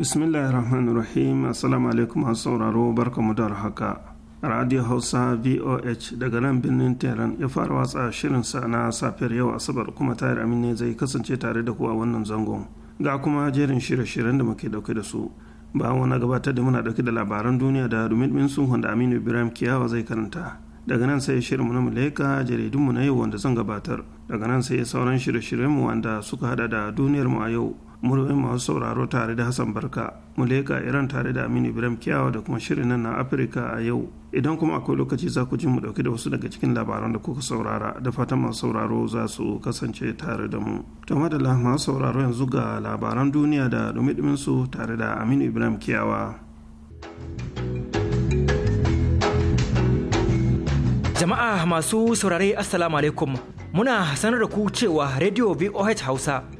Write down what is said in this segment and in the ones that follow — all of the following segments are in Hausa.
bismillahirrahmanirrahim assalamu alaikum masu sauraro barkamu da haka radio hausa voh daga nan birnin tehran ya fara watsa shirin sa na safiyar yau asabar kuma tayar amin ne zai kasance tare da ku a wannan zangon ga kuma jerin shirye-shiryen da muke dauke da su Ba wani gabatar da muna dauke da labaran duniya da min sun wanda aminu ibrahim kiyawa zai karanta daga nan sai shirinmu na muleka jaridunmu na yau wanda zan gabatar daga nan sai sauran shirye-shiryenmu wanda suka hada da duniyarmu a yau muryoyin masu sauraro tare da hassan barka muleka iran tare da aminu ibrahim kiyawa da kuma shirin nan na afirka a yau idan kuma akwai lokaci za ku ji mu dauke da wasu daga cikin labaran da kuka saurara da fatan masu sauraro za su kasance tare da mu to madalla masu sauraro yanzu ga labaran duniya da dumi su tare da aminu ibrahim kiyawa jama'a masu saurare assalamu alaikum muna sanar da ku cewa radio voh hausa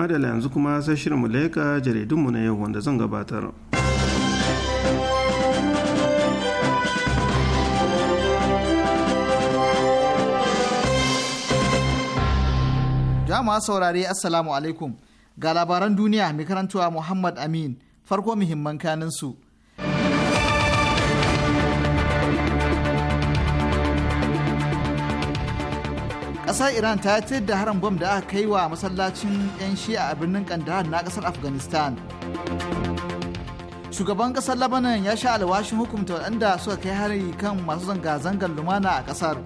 madala yanzu kuma sai shirin laika jaridunmu na yau wanda zan gabatar jama'a saurare assalamu alaikum ga labaran duniya mai karantuwa muhammad amin farko muhimman kanin su ƙasa iran ta yi da harin bom da aka kai wa masallacin 'yan shi'a a birnin kandahar na ƙasar afghanistan shugaban ƙasar labanan ya sha alwashin hukumta waɗanda suka kai hari kan masu zanga-zangar lumana a ƙasar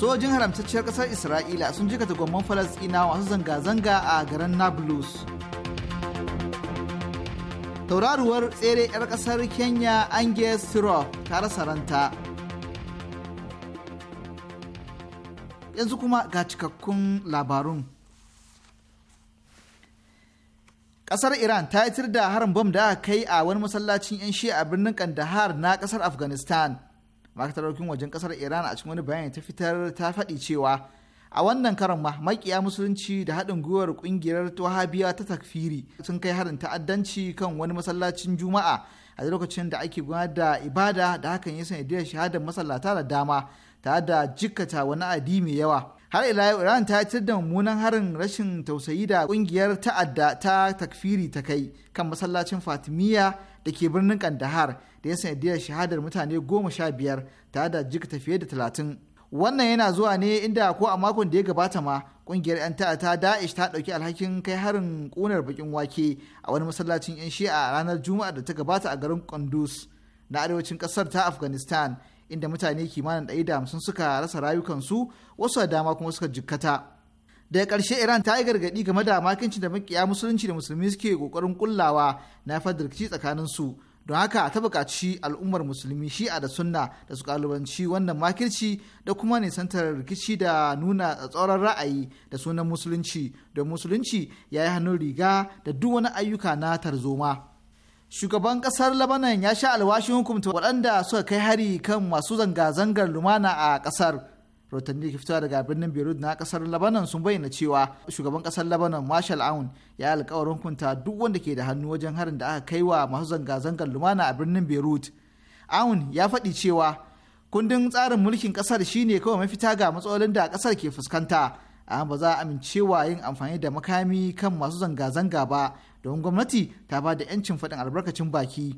sojin haramtacciyar ƙasar isra'ila sun jikata gwamman falasɗina masu zanga-zanga a garin nablus tauraruwar tsere 'yar ƙasar kenya angus syrup ta rasa ranta yanzu kuma ga cikakkun labarun. Kasar Iran ta yi da harin bom da aka kai a wani masallacin 'yan shi a birnin Kandahar na kasar Afghanistan. Makataraukin wajen kasar Iran a cikin wani bayani ta fitar ta faɗi cewa a wannan karan ma makiya musulunci da haɗin gwiwar ƙungiyar wahabiya ta takfiri sun kai harin ta'addanci kan wani masallacin juma'a a lokacin da ake gudanar da ibada da hakan ya sanadiyar shahadar masallata da dama ta da jikkata wani adi mai yawa har ila yau iran ta yi da mummunan harin rashin tausayi da kungiyar ta'adda ta takfiri ta kai kan masallacin fatimiyya da ke birnin kandahar da ya sanadiyar shahadar mutane goma sha biyar ta da jikkata fiye da talatin wannan yana zuwa ne inda ko a makon da ya gabata ma kungiyar 'yan ta da'ish ta ɗauki alhakin kai harin kunar bakin wake a wani masallacin 'yan shi'a a ranar juma'a da ta gabata a garin kunduz na arewacin kasar ta afghanistan inda mutane kimanin ɗari da hamsin suka rasa rayukansu wasu da dama kuma suka jikkata daga ƙarshe iran ta yi gargaɗi game da makincin da makiya musulunci da musulmi suke ƙoƙarin kullawa na fadar rikici tsakanin su don haka ta buƙaci al'ummar musulmi shi'a da sunna da su ƙalubanci wannan makirci da kuma nisantar rikici da nuna tsauran ra'ayi da sunan musulunci don musulunci ya yi hannun riga da duk wani ayyuka na tarzoma. shugaban kasar labanan ya sha alwashin hukumta waɗanda suka kai hari kan masu zanga-zangar lumana a ƙasar rotanni ke fitowa daga birnin beirut na kasar labanan sun bayyana cewa shugaban kasar labanan marshal aun ya alkawarin hukunta duk wanda ke da hannu wajen harin da aka kai wa masu zanga-zangar lumana a birnin beirut aun ya faɗi cewa kundin tsarin mulkin ƙasar shine kawai mafita ga matsalolin da kasar ke fuskanta amma ba za a amincewa yin amfani da makami kan masu zanga-zanga ba don gwamnati ta ba da 'yancin faɗin albarkacin baki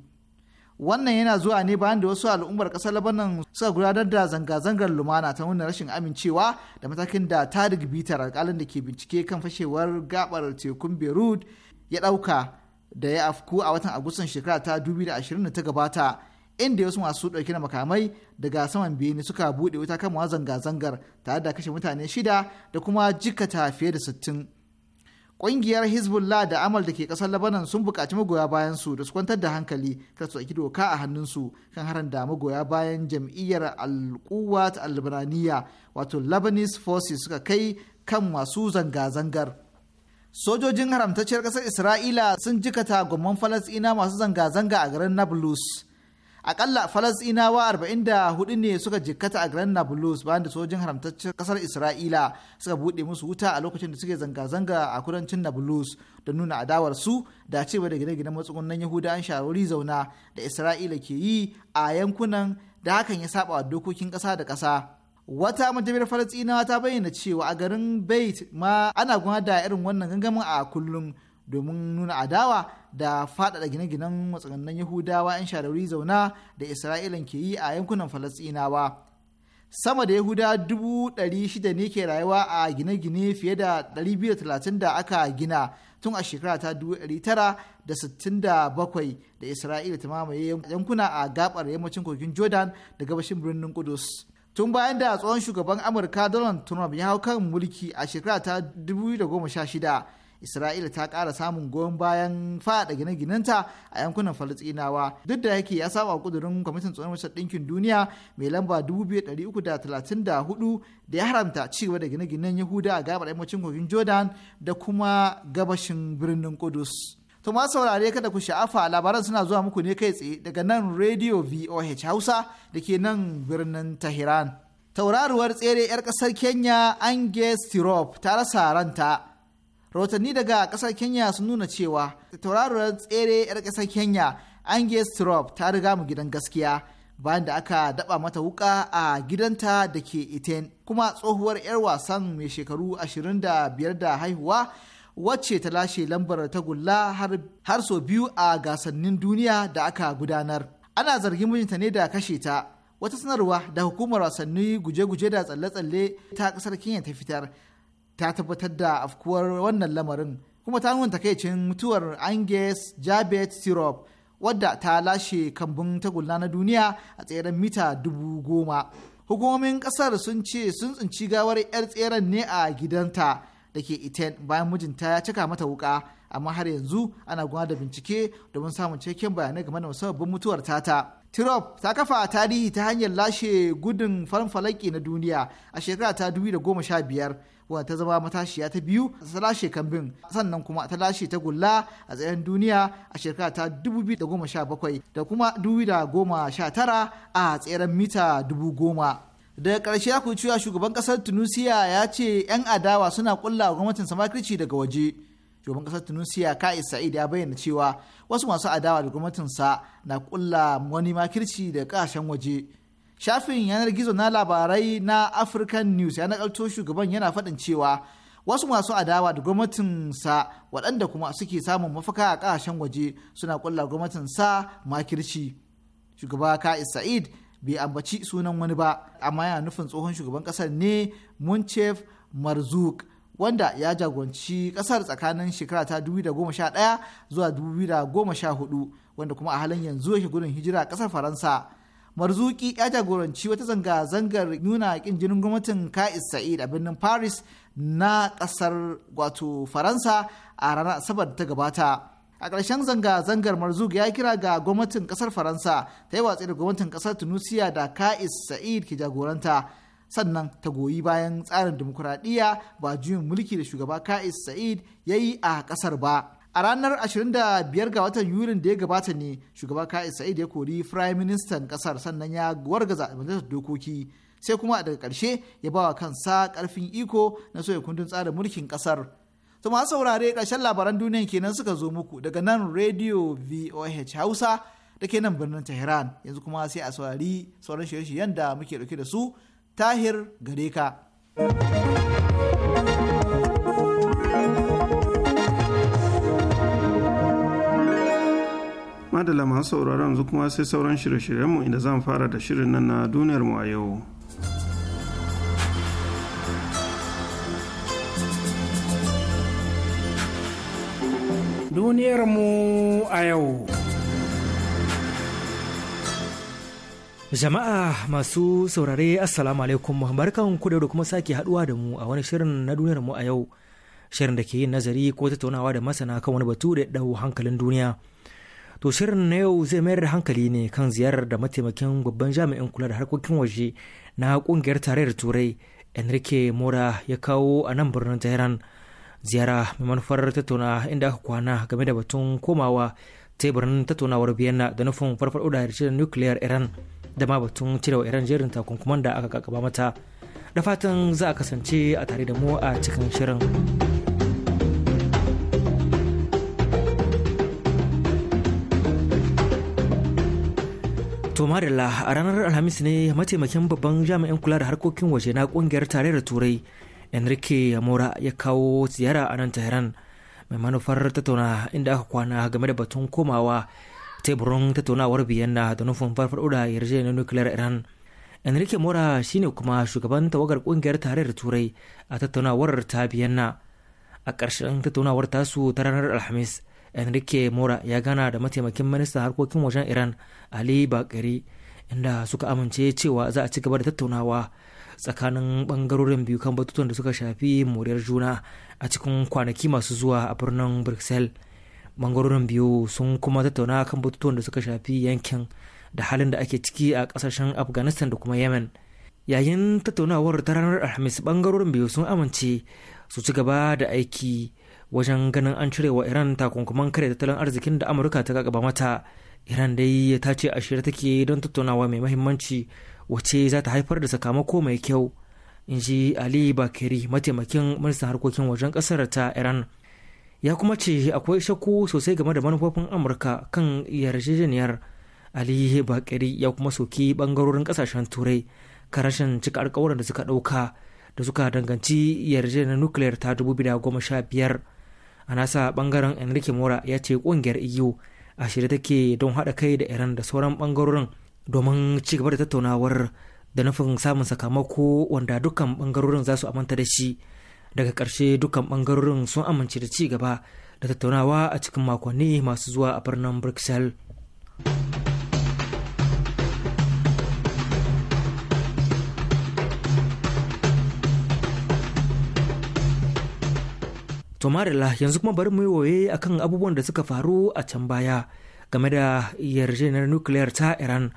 wannan yana zuwa ne bayan da wasu al'ummar ƙasar labanan suka gudanar da zanga-zangar lumana ta nuna rashin amincewa da matakin da tarik bitar alƙalin da ke bincike kan fashewar gabar tekun beirut ya ɗauka da ya afku a watan agustan shekara ta 2020 da ta gabata inda wasu masu ɗauke na makamai daga saman bene suka buɗe wuta kan zanga-zangar tare da kashe mutane shida da kuma jikata fiye da sittin. Ƙungiyar Hezbollah da Amal da ke ƙasar Lebanon sun buƙaci magoya bayan su da su kwantar da hankali kar su ɗauki doka a hannunsu kan harin da magoya bayan jam'iyyar Al-Quwat Al-Libaniyya wato Lebanese Forces suka kai kan masu zanga-zangar. Sojojin haramtacciyar ƙasar Isra'ila sun jikata gomman Falasɗina masu zanga-zanga a garin Nablus. akalla falasinawa 44 ne suka jikkata a garin nablus bayan da sojin haramtaccen kasar isra'ila suka buɗe musu wuta a lokacin da suke zanga-zanga a kudancin nablus don nuna adawar su da cewa da gine-ginen matsugunan yahudawan sharori zauna da isra'ila ke yi a yankunan da hakan ya saba wa dokokin kasa da kasa wata majami'ar falasinawa ta bayyana cewa a garin bait ma ana gwada irin wannan gangamin a kullum domin nuna adawa da faɗaɗa gine-ginen matsanannan yahudawa 'yan shararri zauna da isra'ilan ke yi a yankunan falasɗinawa sama da yahuda dubu ne ke rayuwa a gine-gine fiye da 230 da aka gina tun a shekara ta 1967 da isra'ila ta mamaye yankuna a gabar yammacin kogin jordan da gabashin birnin kudus tun bayan da tsohon shugaban amurka donald trump ya hau kan mulki a shekara ta isra'ila ta kara samun goyon bayan faɗa gine-ginenta a yankunan falastinawa duk da yake ya saba kudurin kwamitin tsohon wasan ɗinkin duniya mai lamba 2334 da da hudu ya haramta cewa da gine-ginen yahuda a gabar yammacin kogin jordan da kuma gabashin birnin kudus to ma saurare kada ku sha'afa labaran suna zuwa muku ne kai tsaye daga nan radio voh hausa da ke nan birnin tahiran. tauraruwar tsere 'yar ƙasar kenya angie tirop ta rasa ranta rahotanni daga kasar kenya sun nuna cewa tauraruwar tsere 'yar kasar kenya angus trump ta riga mu gidan gaskiya bayan da aka daba mata wuka a gidanta da ke iten kuma tsohuwar 'yar wasan mai shekaru 25 da haihuwa wacce ta lashe lambar tagulla har so biyu a gasannin duniya da aka gudanar ana zargin mijinta ne da kashe ta wata sanarwa da hukumar wasanni guje-guje da tsalle-tsalle ta kasar kenya ta fitar ta tabbatar da afkuwar wannan lamarin kuma ta nuna takaicin mutuwar anges jabet sirop wadda ta lashe kambun tagulla na duniya a tseren mita dubu goma hukumomin kasar sun ce sun tsinci gawar 'yar tseren ne a gidanta da ke iten bayan mijinta ya cika mata wuka amma har yanzu ana gudanar da bincike domin samun cikakken bayanai game da musabbabin mutuwar tata. Tirop ta kafa tarihi ta hanyar lashe gudun farfalaki na duniya a shekara ta 2015 wadda ta zama matashiya ta biyu ta lashe kambin sannan kuma ta lashe ta gulla a tsayin duniya a shekara ta 2017 da kuma 2019 a tseren mita 10,000. daga ƙarshe ya cewa shugaban ƙasar tunisia ya ce 'yan adawa suna ƙulla gwamnatin samakirci daga waje shugaban kasar tunisia ka'is sa'id ya bayyana cewa wasu masu adawa da gwamnatinsa na kulla wani makirci da kasashen waje shafin yanar gizo na labarai na african news ya nakalto shugaban yana faɗin cewa wasu masu adawa da gwamnatinsa waɗanda kuma suke samun mafaka a kasashen waje suna kulla gwamnatinsa makirci shugaba ka'is sa'id bai ambaci sunan wani ba amma yana nufin tsohon shugaban kasar ne munchef marzuk wanda ya jagoranci kasar tsakanin shekara ta 2011 zuwa 2014 wanda kuma a halin yanzu yake gudun hijira kasar faransa marzuki ya jagoranci wata zanga-zangar nuna kin jinin gwamnatin ka'is sa'id a birnin paris na kasar wato faransa a ranar asabar da ta gabata a ƙarshen zanga-zangar marzuk ya kira ga gwamnatin kasar faransa ta yi watsi da gwamnatin kasar tunisia da ka'is sa'id ke jagoranta sannan ta goyi bayan tsarin dimokuraɗiyya ba juyin mulki da shugaba ka'is sa'id ya yi a ƙasar ba a ranar 25 ga watan yulin da ya gabata ne shugaba ka'is sa'id ya kori firayim ministan ƙasar sannan ya wargaza majalisar dokoki sai kuma daga ƙarshe ya bawa kansa ƙarfin iko na soya kundin tsarin mulkin ƙasar to masu saurare ƙarshen labaran duniya kenan suka zo muku daga nan radio voh hausa da ke nan birnin tehran yanzu kuma sai a saurari sauran shirye-shiryen da muke ɗauke da su tahir gare ka. madala masu sauraron yanzu kuma sai sauran shirye-shiryenmu inda zan fara da shirin nan na duniyarmu a yau. duniyar mu a yau. Jama'a masu saurare Assalamu alaikum barkan ku da kuma sake haduwa da mu a wani shirin na duniyar mu a yau. Shirin da ke yin nazari ko tattaunawa da masana kan wani batu da dau hankalin duniya. To shirin na yau zai mayar da hankali ne kan ziyarar da mataimakin babban jami'in kula da harkokin waje na kungiyar tarayyar Turai Enrique Mora ya kawo a nan birnin Tehran. Ziyara mai manufar tattauna inda aka kwana game da batun komawa teburin tattaunawar Vienna da nufin farfaɗo da nukiliyar Iran. da ma batun wa iran jerin takunkuman da aka kakaba mata da fatan za a kasance a tare da mu a cikin shirin to marilla a ranar alhamis ne mataimakin babban jami'in kula da harkokin waje na kungiyar tarayyar turai enrique mora ya kawo ziyara a nan tehran mai manufar tattauna inda aka kwana game da batun komawa teburin tattaunawar biyanna da nufin farfaɗo da yarjejeniyar nukiliyar iran enrique mora shine kuma shugaban tawagar kungiyar tarayyar turai a tattaunawar ta biyanna a ƙarshen tattaunawar tasu ta ranar alhamis enrique mora ya gana da mataimakin ministan harkokin wajen iran ali bakari inda suka amince cewa za a ci gaba da tattaunawa tsakanin bangarorin biyu kan batutuwan da suka shafi moriyar juna a cikin kwanaki masu zuwa a birnin bruxelles bangarorin biyu sun kuma tattauna kan batutuwan da suka shafi yankin da halin da ake ciki a kasashen afghanistan da kuma yemen yayin tattaunawar ta ranar alhamis bangarorin biyu sun amince su ci gaba da aiki wajen ganin an cire wa iran takunkuman kare tattalin arzikin da amurka ta gagaba mata iran dai ta ce a shirya take don tattaunawa mai mahimmanci wace za ta haifar da sakamako mai kyau in ji ali bakiri mataimakin ministan harkokin wajen kasar ta iran ya kuma ce akwai shakku sosai game da manufofin amurka kan yarjejeniyar ali bakari ya kuma soki bangarorin kasashen turai ka rashin cika alkawuran da suka dauka da suka danganci yarjejeniyar nukiliyar ta 2015 a nasa bangaren enrique mora ya ce kungiyar eu a shirye take don haɗa kai da iran da sauran bangarorin domin ci gaba da tattaunawar da nufin samun sakamako wanda dukkan bangarorin za su amanta da shi daga ƙarshe dukkan ɓangarorin sun amince da ci gaba da tattaunawa a cikin makonni masu zuwa a birnin bruxelles tomarila yanzu kuma bari mu yi waye akan abubuwan da suka faru a can baya game da yarjejeniyar nukiliyar ta iran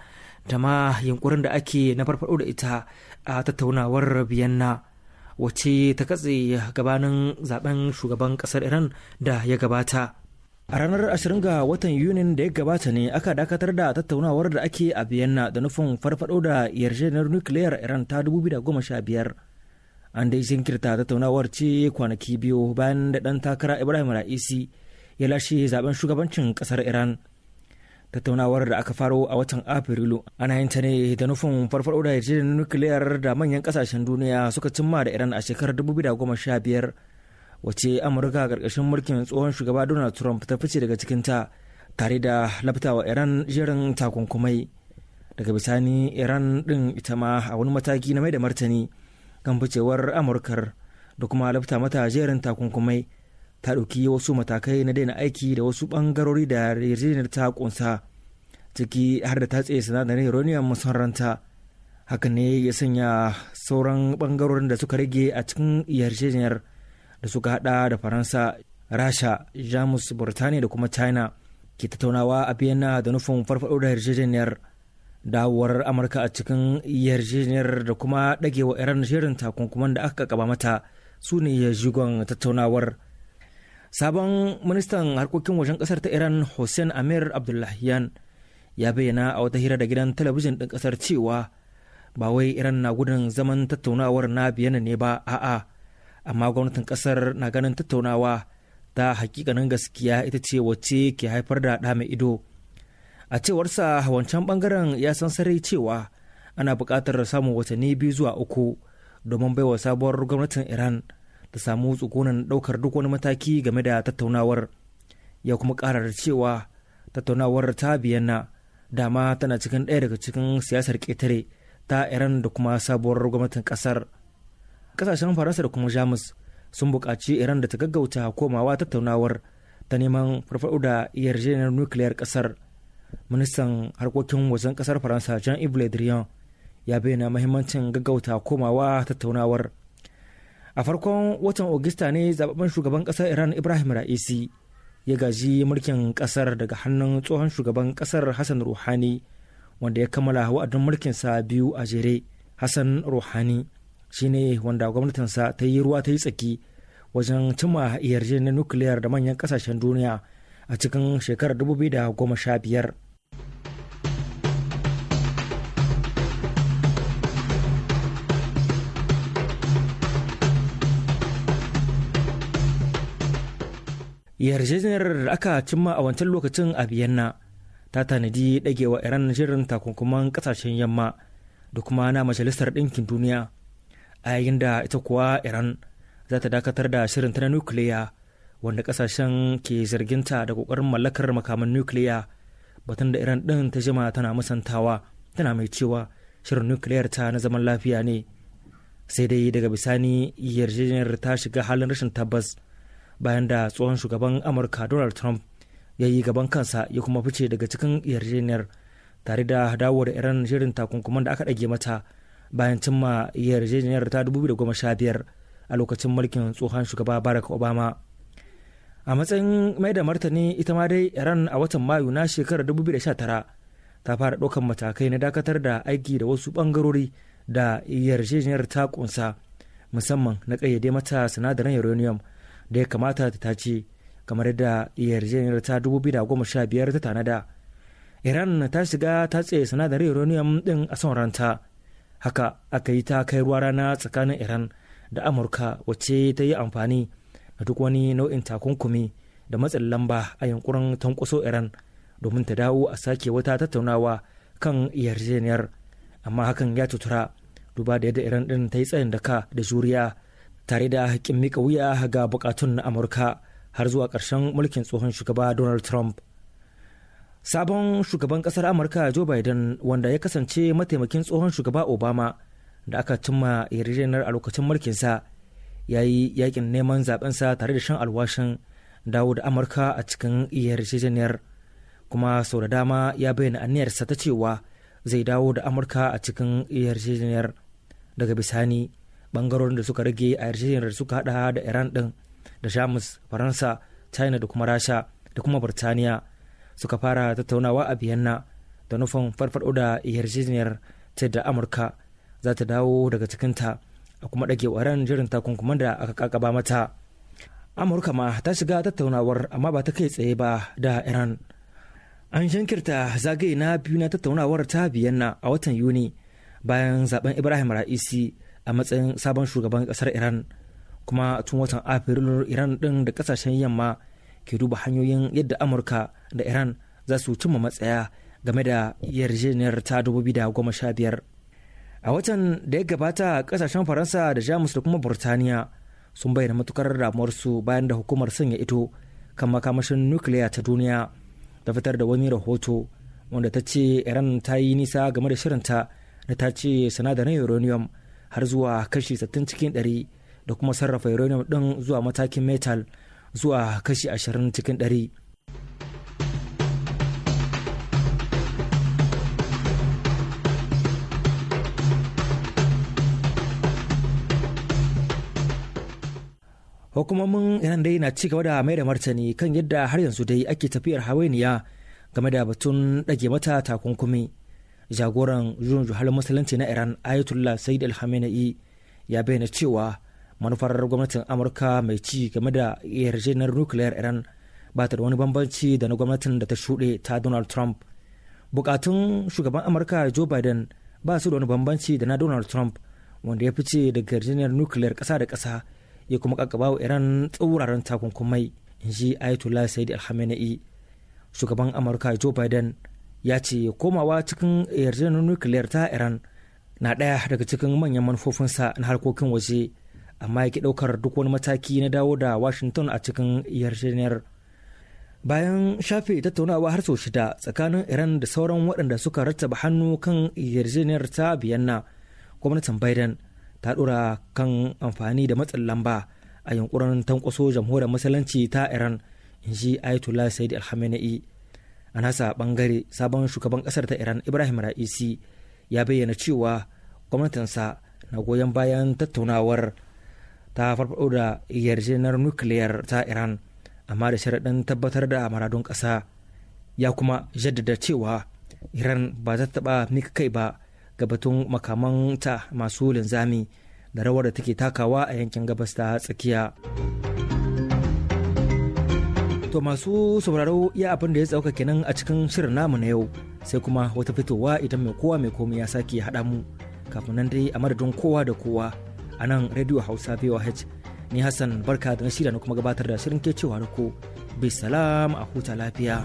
da ma yunkurin da ake na farfado da ita a tattaunawar vienna wacce ta katse gabanin zaben shugaban kasar iran da ya gabata a ranar 20 ga watan yunin da ya gabata ne aka dakatar da tattaunawar da ake a vienna da nufin farfado da yarjejeniyar nukiliyar iran ta 2015 an dai jinkirta tattaunawar ce kwanaki biyu bayan da dan takara ibrahim ra'isi ya lashe zaben shugabancin kasar iran tattaunawar da aka faro a watan afrilu ana yin ta ne da nufin farfado da yarjejeniyar nukiliyar da manyan kasashen duniya suka cimma da iran a shekarar 2015 wace amurka a ƙarƙashin mulkin tsohon shugaba donald trump ta fice daga cikinta tare da laftawa iran jerin takunkumai daga bisani iran din ita ma a wani mataki na mai da martani kan ficewar amurkar da kuma lafta mata jerin takunkumai ta ɗauki wasu matakai na daina aiki da wasu ɓangarori da yarjejeniyar ta ƙunsa ciki har da ta tsaye sinadarin uranium masaranta haka ne ya sanya sauran ɓangarorin da suka rage a cikin yarjejeniyar da suka hada da faransa rasha jamus burtaniya da kuma china ke tattaunawa a biyana da nufin farfaɗo da yarjejeniyar dawowar amurka a cikin yarjejeniyar da kuma ɗagewa iran shirin takunkuman da aka kaba mata su ne jigon tattaunawar sabon ministan harkokin wajen kasar ta iran hussein amir abdullahiyan ya bayyana a wata hira da gidan talabijin ɗin kasar cewa ba wai iran na gudun zaman tattaunawar na biyana ne ba a'a amma gwamnatin kasar na ganin tattaunawa ta hakikanin gaskiya ita ce wacce ke haifar da ɗa mai ido a cewarsa wancan bangaren ya san sarai cewa ana buƙatar samun watanni biyu zuwa uku domin baiwa sabuwar gwamnatin iran ta samu tsukunan daukar duk wani mataki game da tattaunawar ya kuma karar da cewa tattaunawar ta biyanna dama tana cikin ɗaya daga cikin siyasar ƙetare ta iran da kuma sabuwar gwamnatin ƙasar ƙasashen faransa da kuma jamus sun buƙaci iran da ta gaggauta komawa tattaunawar ta neman farfaɗo da yarjejeniyar nukiliyar ƙasar ministan harkokin wajen ƙasar faransa jean yves le drian ya bayyana mahimmancin gaggauta komawa tattaunawar a farkon watan Ogista ne zababben shugaban kasar Iran Ibrahim Ra'isi ya gaji mulkin kasar daga hannun tsohon shugaban kasar Hassan ruhani wanda ya kammala wa'adin mulkinsa biyu a jere. Hassan shi shine wanda gwamnatinsa ta yi ruwa ta yi tsaki wajen cimma yarjejeniyar nukiliyar da manyan kasashen duniya a cikin shekarar 2015. yarjejeniyar da aka cimma a wancan lokacin a biyanna ta tanadi dagewa iran shirin takunkuman kasashen yamma da kuma na majalisar ɗinkin duniya a yayin da ita kuwa iran za ta dakatar da shirin ta na nukiliya wanda kasashen ke zarginta da kokarin mallakar makaman nukiliya batun da iran ɗin ta jima tana musantawa tana mai cewa shirin nukiliyar ta na zaman lafiya ne sai dai daga bisani yarjejeniyar ta shiga halin rashin tabbas bayan da tsohon shugaban amurka donald trump ya yi gaban kansa ya kuma fice daga cikin yarjejeniyar tare da dawowar iran shirin takunkuman da aka ɗage mata bayan cimma yarjejeniyar ta 2015 a lokacin mulkin tsohon shugaba barack obama a matsayin mai da martani ita ma dai iran a watan mayu na shekarar 2019 ta fara ɗaukar matakai na dakatar da aiki da wasu bangarori da yarjejeniyar ta ƙunsa musamman na ƙayyade mata sinadarin uranium da ya kamata ta tace kamar yadda yarjejeniyar ta biyar ta tanada iran ta shiga ta tsaye sinadarin uranium din a son ranta haka aka yi ta kai ruwa rana tsakanin iran da amurka wacce ta yi amfani da duk wani nau'in takunkumi da matsin lamba a yankunan tankwaso iran domin ta dawo a sake wata tattaunawa kan yarjejeniyar amma hakan ya tutura duba da yadda iran din ta yi tsayin daka da juriya tare da haƙƙin mika wuya ga bukatun na amurka har zuwa ƙarshen mulkin tsohon shugaba donald trump sabon shugaban ƙasar amurka joe biden wanda ya kasance mataimakin tsohon shugaba obama da aka cimma yarjejeniyar a lokacin mulkinsa ya yi yakin neman zaɓensa tare da shan alwashin dawo da amurka a cikin yarjejeniyar kuma sau da dama ya bayyana aniyarsa ta cewa zai dawo da amurka a cikin yarjejeniyar daga bisani bangarorin da suka rage a yarjejeniyar da suka hada da iran din da jamus faransa china da kuma rasha da kuma birtaniya suka fara tattaunawa a biyanna da nufin farfado da yarjejeniyar ta da amurka za ta dawo daga cikinta a kuma dage waran jirin takunkuman da aka kakaba mata amurka ma ta shiga tattaunawar amma ba ta kai tsaye ba da iran an shankirta zagaye na biyu na tattaunawar ta biyanna a watan yuni bayan zaben ibrahim ra'isi a matsayin sabon shugaban kasar iran kuma tun watan afrilu iran din da kasashen yamma ke duba hanyoyin yadda amurka da iran za su cimma matsaya game da yarjejeniyar ta biyar a watan da ya gabata kasashen faransa da jamus da kuma burtaniya sun bayyana matukar damuwarsu bayan da hukumar sanya ito kan makamashin nukiliya ta duniya ta fitar da wani rahoto wanda ta ce iran ta yi nisa game da shirinta da ta ce sinadarin uranium har zuwa kashi 60 cikin 100 da kuma sarrafa uranium din zuwa matakin metal zuwa kashi 20 cikin 100. hukumomin iran dai na ci gaba da mai da martani kan yadda har yanzu dai ake tafiyar hawainiya game da batun dage mata takunkumi jagoran juyin juhal musulunci na iran ayatollah said al khamenei ya bayyana cewa manufar gwamnatin amurka mai ci game da yarjejeniyar nukiliyar iran ba ta da wani bambanci da na gwamnatin da ta shuɗe ta donald trump bukatun shugaban amurka joe biden ba su da wani bambanci da na donald trump wanda ya fice daga yarjejeniyar nukiliyar ƙasa da ƙasa ya kuma kakaba wa iran tsauraran takunkumai in ji ayatollah sayyid al shugaban amurka joe biden ya ce komawa cikin yarjejeniyar nukiliyar ta iran na ɗaya daga cikin manyan manufofinsa na harkokin waje amma ya yake ɗaukar duk wani mataki na dawo da washington a cikin yarjejeniyar bayan shafe tattaunawa har sau shida tsakanin iran da sauran waɗanda suka rattaba hannu kan yarjejeniyar ta biyanna gwamnatin biden ta ɗora kan amfani da matsin lamba a yunkurin tankwaso jamhuriyar musulunci ta iran in ji ayatollah said al a nasa bangare sabon shugaban kasar ta iran ibrahim ra'isi ya bayyana cewa gwamnatinsa na goyon bayan tattaunawar ta farfado da yarjejeniyar nukiliyar ta iran amma da sharaɗin tabbatar da maradun ƙasa ya kuma jaddada cewa iran ba za ta taɓa mika kai ba ga batun makamanta masu linzami da rawar da take takawa a yankin gabas ta tsakiya. To masu sauraro iya abin da ya tsauka kenan a cikin shirin namu na yau sai kuma wata fitowa idan mai kowa mai komai ya sake haɗa mu kafin nan dai a madadin kowa da kowa a nan Radio Hausa VOH ni Hassan barka da na shirya na kuma gabatar da shirin ke cewa da ku bisalam a huta lafiya.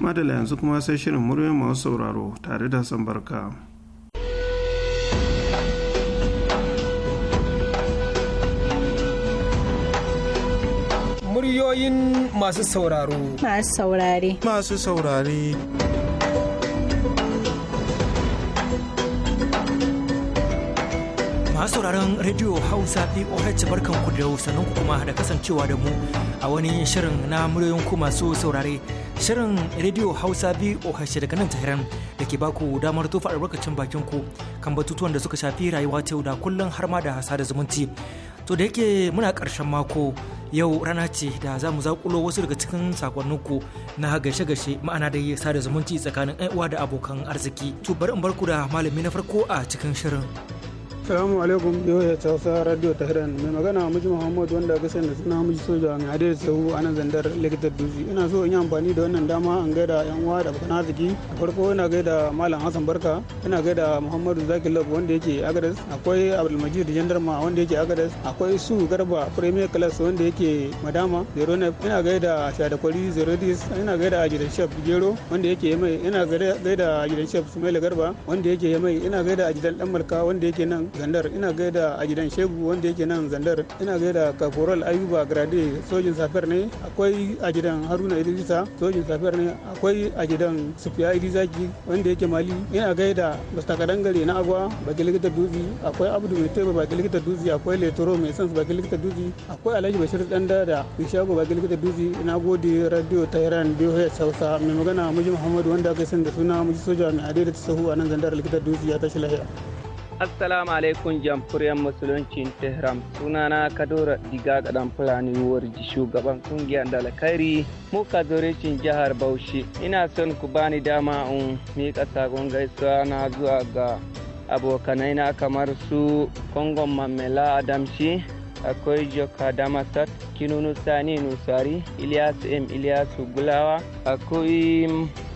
Madala yanzu kuma sai shirin murya masu sauraro tare da Hassan barka. masu sauraro. Masu saurare. Masu saurare. masu sauraron rediyo hausa barkan ku da sannan ku kuma da kasancewa da mu a wani shirin na muryoyin ku masu saurare shirin rediyo hausa voh daga nan tahiran da ke baku damar tofa albarkacin bakin ku kan batutuwan da suka shafi rayuwa ta yau da kullum har ma da sada zumunci to da yake muna karshen mako yau rana ce da za mu zaƙulo wasu daga cikin sakonninku na gaishe-gaishe ma'ana da yi sada zumunci tsakanin uwa da abokan arziki to bari in barku da malami na farko a cikin shirin Salamu alaikum biyoyi ta wasa radio Tehran mai magana miji Muhammad wanda ga sanda suna miji soja mai adai da sahu a nan zandar likitar duzi ina so in yi amfani da wannan dama an gaida yan uwa da bakan arziki a farko ina gaida malam Hassan Barka ina gaida Muhammadu Zaki Lab wanda yake Agadez akwai Abdulmajid Jandarma wanda yake Agadez akwai Su Garba Premier Class wanda yake Madama Zero Nef ina gaida Shadakwari Zero Dis ina gaida Ajidan Shef Gero wanda yake Yamai ina gaida Ajidan Shef Sumaila Garba wanda yake Yamai ina gaida Ajidan Dan Malka wanda yake nan zandar ina gaida a gidan shegu wanda yake nan zandar ina gaida kaforal ayuba grade sojin safiyar ne akwai a gidan haruna idrisa sojin safiyar ne akwai a gidan sufiya idrisaki wanda yake mali ina gaida mr kadangare na agwa baki likita dutse akwai abdu mai teba baki likita dutse akwai letoro mai sans baki likita dutse akwai alhaji bashir dan dada shago baki likita dutse ina gode radio tehran biyu sausa mai magana muji muhammadu wanda aka sani da suna muji soja mai adai da sahu a nan zandar likita dutse ya tashi lahiya Assalamu alaikum jamhuriyar musuluncin Tehran sunana Kadora Diga dan Fulani Warji shugaban kungiyar Dalakari mu cin jihar Bauchi ina son ku bani dama in mika sakon gaisuwa na zuwa ga abokanai na kamar su Kongon Mamela Adamshi akwai Joka Damasat Kinunu Sani Nusari ilias M Ilyasu Gulawa akwai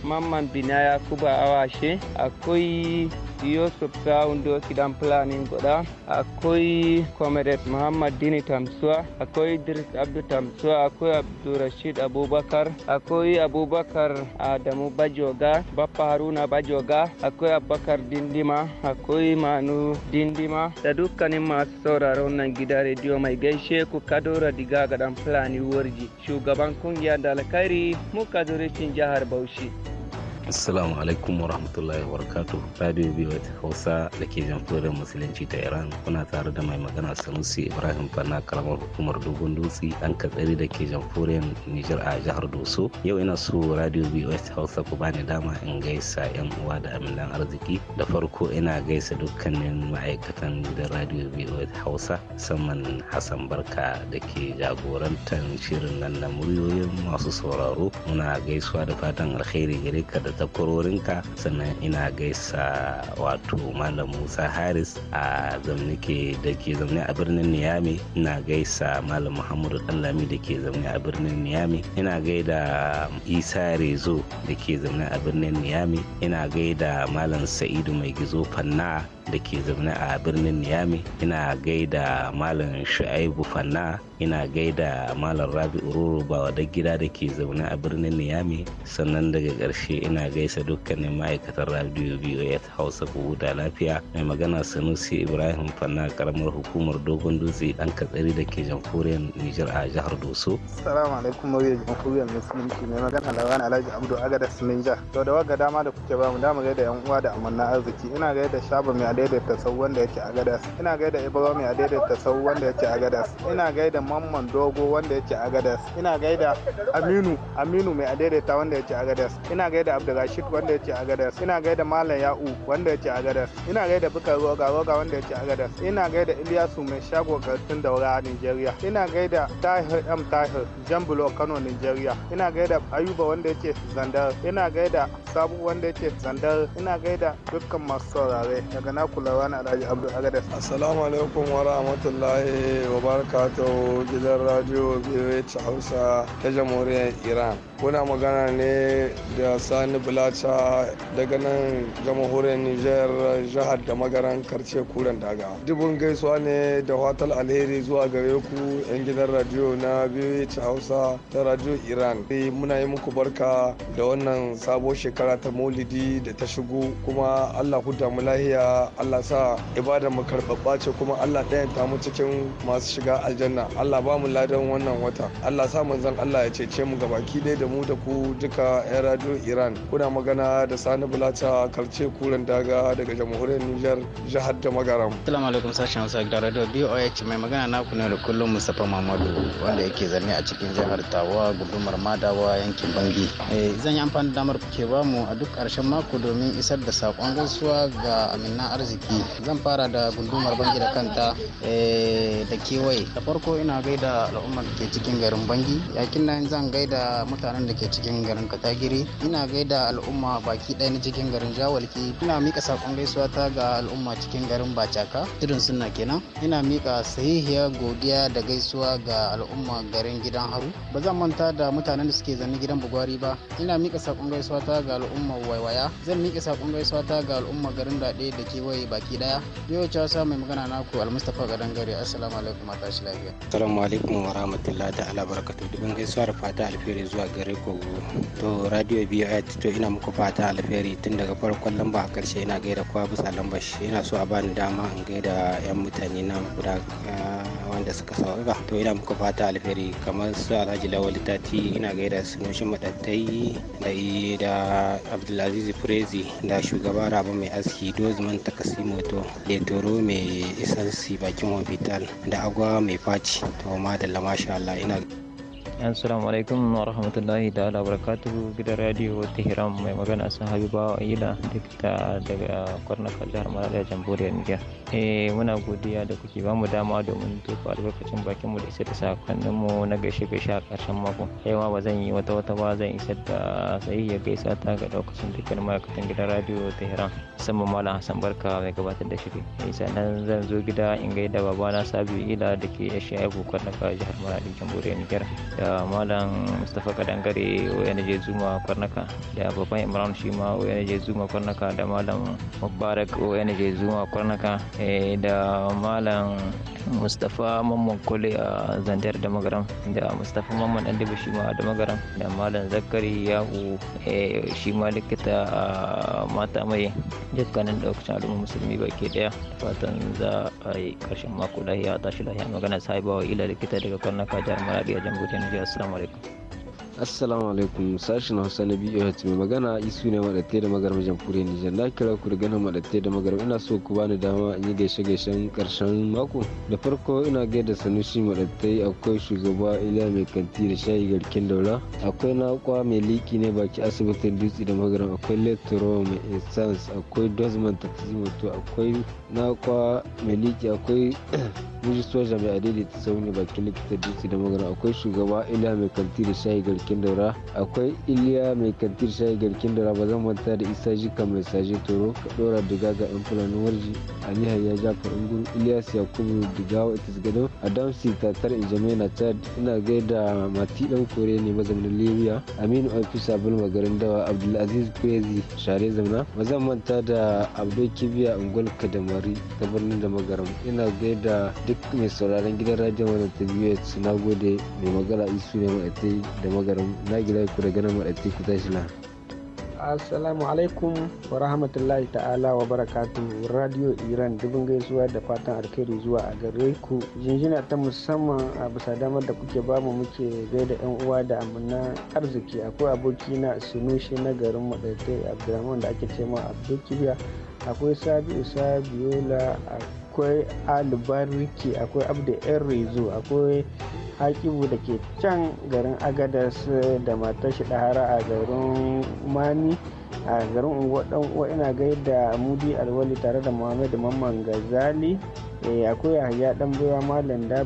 Mamman Binaya Kuba Awashe akwai yo sobta undo kiɗan planning goda akwai comrade muhammad dini tamsuwa akwai dirs abdu tamsuwa akwai Rashid abubakar akwai abubakar adamu bajoga bappa haruna bajoga akwai abubakar dindima akwai manu dindima da dukkanin masu sauraron nan gida rediyo mai gaishe ku kadora diga gaɗan fulani warji shugaban kungiyar da alkhairi muka zuricin jihar bauchi Assalamu alaikum wa rahmatullahi wa barakatuh. Radio BYT Hausa da ke da Musulunci ta Iran kuna tare da mai magana Sanusi Ibrahim Fanna karamar hukumar Dogon Dutse dan katsari da ke jamhuriyar Nijar a jihar Doso. Yau ina so Radio BYT Hausa ku bani dama in gaisa yan uwa da aminan arziki. Da farko ina gaisa dukkanin ma'aikatan gidan Radio BYT Hausa musamman Hassan Barka da ke jagorantar shirin nan na muryoyin masu sauraro. Muna gaisuwa da fatan alkhairi gare ka da takwarorinka sannan ina gaisa wato malam musa haris a zamnike da ke zaune a birnin niyami ina gaisa malam muhammadu danlami da ke zaune a birnin niyami ina gaida isa rezo da ke zaune a birnin niyami ina gaida malam sa'idu mai gizo fanna da ke zaune a birnin niyami ina gaida malam shu'aibu fanna ina gaida malam rabi ururu wa da gida da ke zaune a birnin niyami sannan daga ƙarshe ina gaisa dukkanin ma'aikatan radio voa hausa ku da lafiya mai magana sanusi ibrahim fanna karamar hukumar dogon dutse dan katsari da ke jamhuriyar nijar a jihar doso salamu alaikum mawuyar jamhuriyar musulunci mai magana lawan alhaji abdu agada suninja to da waga dama da kuke bamu dama gaida yan uwa da amanna arziki ina gaida shaba mai daidaita sau wanda yake a gadas ina gaida ibrahim a daidaita sau wanda yake a gadas ina gaida mamman dogo wanda yake a gadas ina gaida aminu aminu mai a daidaita wanda yake a gadas ina gaida abdulrashid wanda yake a gadas ina gaida malam ya'u wanda yake a gadas ina gaida bukar roga roga wanda yake a gadas ina gaida iliyasu mai shago kartun daura a nigeria ina gaida tahir m tahir jambulo kano nigeria ina gaida ayuba wanda yake zandar ina gaida sabu wanda yake zandar ina gaida dukkan masu saurare daga na naku na Alhaji Abdul Assalamu alaikum wa rahmatullahi wa barakatuhu gidan radio BH Hausa ta Jamhuriyar Iran. Kuna magana ne da Sani Bulacha daga nan Jamhuriyar Nijar jihar da magaran karce kuren daga. Dubun gaisuwa ne da watal alheri zuwa gare ku 'yan gidan radio na BH Hausa ta radio Iran. Eh, muna yi muku barka da wannan sabon shekara ta Maulidi da ta shigo kuma Allah huta mu lahiya Allah sa ibadar mu karɓaɓɓa ce kuma Allah ɗayan ta mu cikin masu shiga aljanna Allah ba mu ladan wannan wata Allah sa manzon Allah ya cece mu gabaki dai da mu da ku duka 'yan radio Iran kuna magana da Sani Bulata Karce Kuren Daga daga jamhuriyar Nijar jihar da Magaram. Assalamu alaikum sashen Hausa da radio BOH mai magana na ne da kullum Mustapha Mamadu wanda yake zanne a cikin jihar Tawa gudumar Madawa yankin Bangi. Eh, zan yi amfani da damar kuke mu a duk ƙarshen mako domin isar da saƙon gaisuwa ga Amina arziki zan fara da gundumar bangi da kanta eh, da kewaye da farko ina gaida al'ummar da ke cikin garin bangi yakin nan zan gaida mutanen da ke cikin garin katagiri ina gaida al'umma baki ɗaya na cikin garin jawalki ina mika sakon gaisuwa ta ga al'umma cikin garin bacaka tudun suna kenan ina mika sahihiyar godiya da gaisuwa ga al'umma garin gidan haru ba zan manta da mutanen da suke zanne gidan bugwari ba ina mika sakon gaisuwa ta ga al'umma waiwaya zan mika sakon gaisuwa ta ga al'umma garin daɗe da kewaye kawai baki daya yau ta sa mai magana naku almustafa gadan gari assalamu alaikum a tashi lafiya assalamu alaikum wa rahmatullahi ta ala barakatu dubin gaisuwa da fata alheri zuwa gare ko to radio biyu to ina muku fata alheri tun daga farkon lamba a karshe ina gaida kowa bisa lamba shi ina so a bani dama in gaida yan mutane na guda ah, wanda suka sauka to ina muku fata alheri kamar su alhaji lawali tati ina gaida sunushin madattai da da abdulaziz prezi da shugaba rabu mai aski dozman ta moto letoro mai isansi bakin hospital da agwa mai faci to ma da lamasha Allah ina assalamu alaikum wa rahmatullahi da ala barakatu gidan radio tehran mai magana sun habiba wa ila dikta daga kwarnakan jihar malariya jamhuriyar niger eh muna godiya da kuke bamu dama domin tofa albarkacin bakin mu da isa da sakonnin mu na gaishe gaishe a karshen mako yawa ba zan yi wata wata ba zan isa da sai ya gaisa ta ga lokacin dukkan ma'aikatan gidan radio tehran musamman malam hassan barka mai gabatar da shiri eh, sannan zan zo gida in gaida babana sabi ila da ke ya shi aibu kwarnakan jihar niger da da malam mustapha kadangare wayan zuma kwarnaka da babban imran shi ma wayan zuma kwarnaka da malam mubarak wayan zuma kwarnaka eh, da malam mustapha mamman kole a zandar da magaram da mustapha mamman dan dubu shi ma da magaram da malam zakari yahu eh, shi ma likita a mata mai dukkanin daukacin al'umma musulmi baki daya fatan za a yi karshen mako lahiya tashi lahiya magana sahibawa ila likita daga kwarnaka jihar maradi a jamhuriyar আসসালামু আলাইকুম assalamu alaikum sashen hausa na biyu ya mai magana isu ne maɗatte da magarma jamhuriyar nijar na kira ku da ganin da magarma ina so ku bani dama in yi gaishe gaishen karshen mako da farko ina gaida sanushi maɗatte akwai shugaba iliya mai kanti da shayi garkin daura akwai nakwa mai liki ne baki asibitin dutse da magarma akwai letoro mai insans akwai dozman taksimoto akwai nakwa mai liki akwai mujistar jami'a ta sauni baki likita dutse da magarma akwai shugaba iliya mai kanti da shayi garkin garkin akwai iliya mai kantir shayi garkin daura ba zan manta da isa jika mai saje toro ka dora diga ga yan fulani warji ali hayya jafar ungun ilyas yakubu wa itis gado adamsi tatar na chad ina gaida mati dan kore ne mazaunin libya aminu ofisa bulma garin dawa abdulaziz kwezi share zamna ba zan manta da abdo kibiya ungwal kadamari ta birnin da magaram ina gaida duk mai sauraron gidan radiyon wannan ta biyu na gode mai magana isu ne ma'aikai da magaram magaram Assalamu alaikum wa rahmatullahi ta'ala wa barakatu Radio Iran dubin gaisuwa da fatan alkhairi zuwa a gare ku. Jinjina ta musamman a bisa damar da kuke bamu muke gaida yan uwa da amina arziki akwai aboki na Sunushi na garin Madaite Abdulrahman da ake ce ma Abdulkibiya akwai Sabiu Sabiola akwai Albariki akwai Abdu Rezo akwai hakibu da ke can garin agadas da matar shi dahara a garin mani a garin unguwar dan uwa ina gaida mudi alwali tare da muhammad mamman gazali eh akwai yahaya dan baiwa malam w da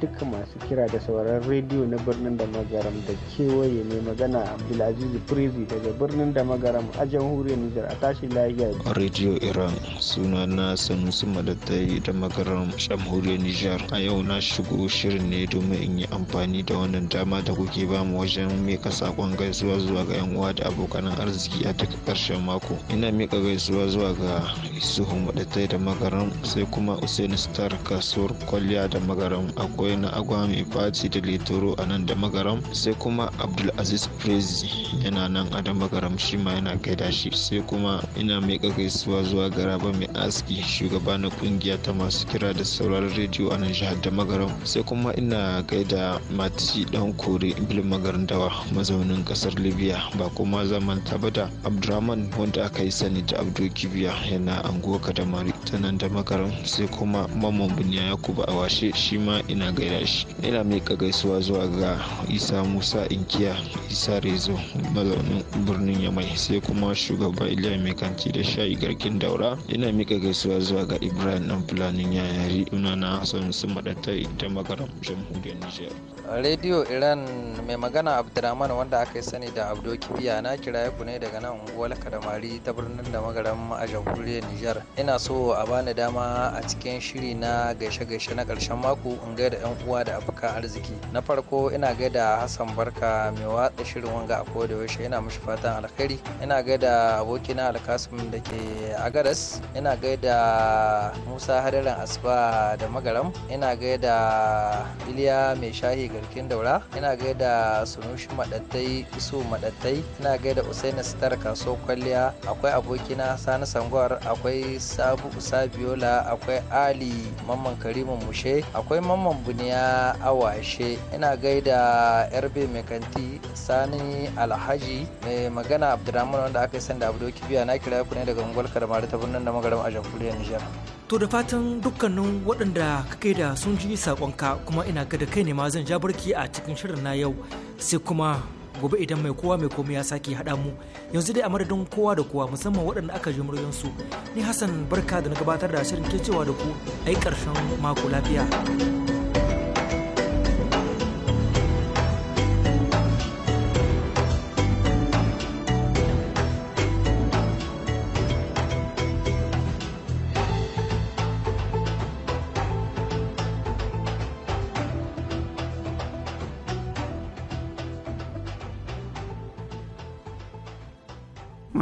duka masu kira da sauran rediyo na birnin da magaram da kewaye mai magana abdulaziz prezi daga birnin da magaram a jamhuriyar nijar a tashi lafiya rediyo iran suna na sanusi madadai da magaram jamhuriyar nijar a yau na shigo shirin ne domin in yi amfani da wannan dama da kuke ba mu wajen mika sakon gaisuwa zuwa ga yan uwa da abokanan arziki a duka karshen mako ina mika gaisuwa zuwa ga isuhu madadai da magaram sai kuma usai hussein kasuwar kwalliya da magaram akwai na agwa mai faci da litoro a nan da magaram sai kuma abdulaziz prezi yana nan a da magaram shi ma yana gaida shi sai kuma ina miƙa gaisuwa zuwa garaba mai aski shugaba na kungiya ta masu kira da sauraron rediyo a nan jihar da magaram sai kuma ina gaida mati dan kore bilin magarin dawa mazaunin kasar libya ba kuma zaman tabada abdurrahman wanda aka yi sani da abdul kibiya yana anguwa kadamari ta nan da magaram sai kuma kuma mamman ya yakubu awashe shi ma ina gaida shi ina miƙa gaisuwa zuwa ga isa musa inkiya isa rezo mazaunin birnin yamai sai kuma shugaba iliya mai kanti da shayi garkin daura ina miƙa gaisuwa zuwa ga ibrahim dan fulanin yayari ina na hassan su madatta ita makaram jamhuriyar nijar rediyo iran mai magana abdurrahman wanda aka yi sani da abdo kibiya na kira ya ne daga nan unguwar kadamari ta birnin da magaram a jamhuriyar nijar ina so a bani dama a cikin wannan shiri na gaishe-gaishe na ƙarshen mako in gaida 'yan uwa da abokan arziki. Na farko ina gaida Hassan Barka mai watsa shirin wanga a koda yaushe ina mishi fatan alkhairi. Ina gaida abokina Alkasim da ke Agaras. Ina gaida Musa Hadarin Asuba da Magaram. Ina gaida Iliya mai shahi garkin daura. Ina gaida Sunushi Maɗattai Isu Maɗattai. Ina gaida Usaini Sitar Kaso Kwalliya. Akwai abokina Sani Sangwar. Akwai Sabu Sabiola. Akwai ali mamman karimu mushe akwai mamman buniya awashe ina gaida yarbe mai kanti sani alhaji mai magana abdulrahman wanda aka san da abdo kibiya na kira ku ne daga unguwar karmar ta birnin da magaram a jamhuriyar nijar to da fatan dukkanin waɗanda kake da sun ji saƙonka kuma ina ga da kai ne ma zan ja barki a cikin shirin na yau sai kuma gobe idan mai kowa mai komai ya sake haɗa mu yanzu dai a madadin kowa da kowa musamman waɗanda aka ji su ni hassan barka da na gabatar da shirin ke da ku a yi ƙarshen mako lafiya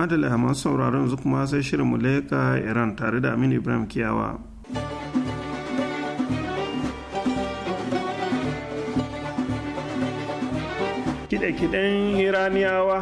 madalla masu sauraron yanzu kuma sai shirin mu iran tare da aminu ibrahim kiyawa kide-kiden iraniyawa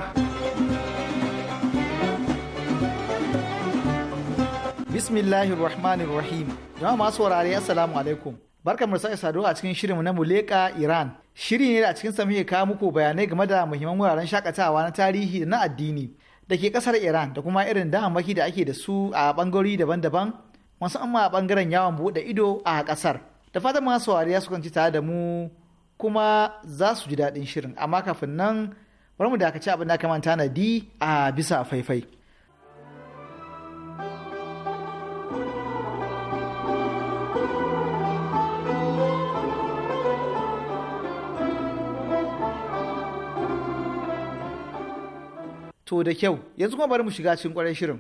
bismillahir rahmanir rahim jama'a masu warare assalamu alaikum barka mu sake saduwa a cikin shirinmu na muleka iran shiri ne da a cikin sa muke kawo muku bayanai game da muhimman wuraren shakatawa na tarihi da na addini da ke kasar iran da kuma irin damaki da ake da su a bangarori daban-daban masu amma a bangaren yawon buɗe ido a kasar da fatan masu saurari su ci tare da mu kuma za su ji daɗin shirin amma kafin nan bari mu dakaci abin da kamanta na di a bisa faifai. To da kyau, yanzu kuma bari mu shiga cikin kwarai shirin.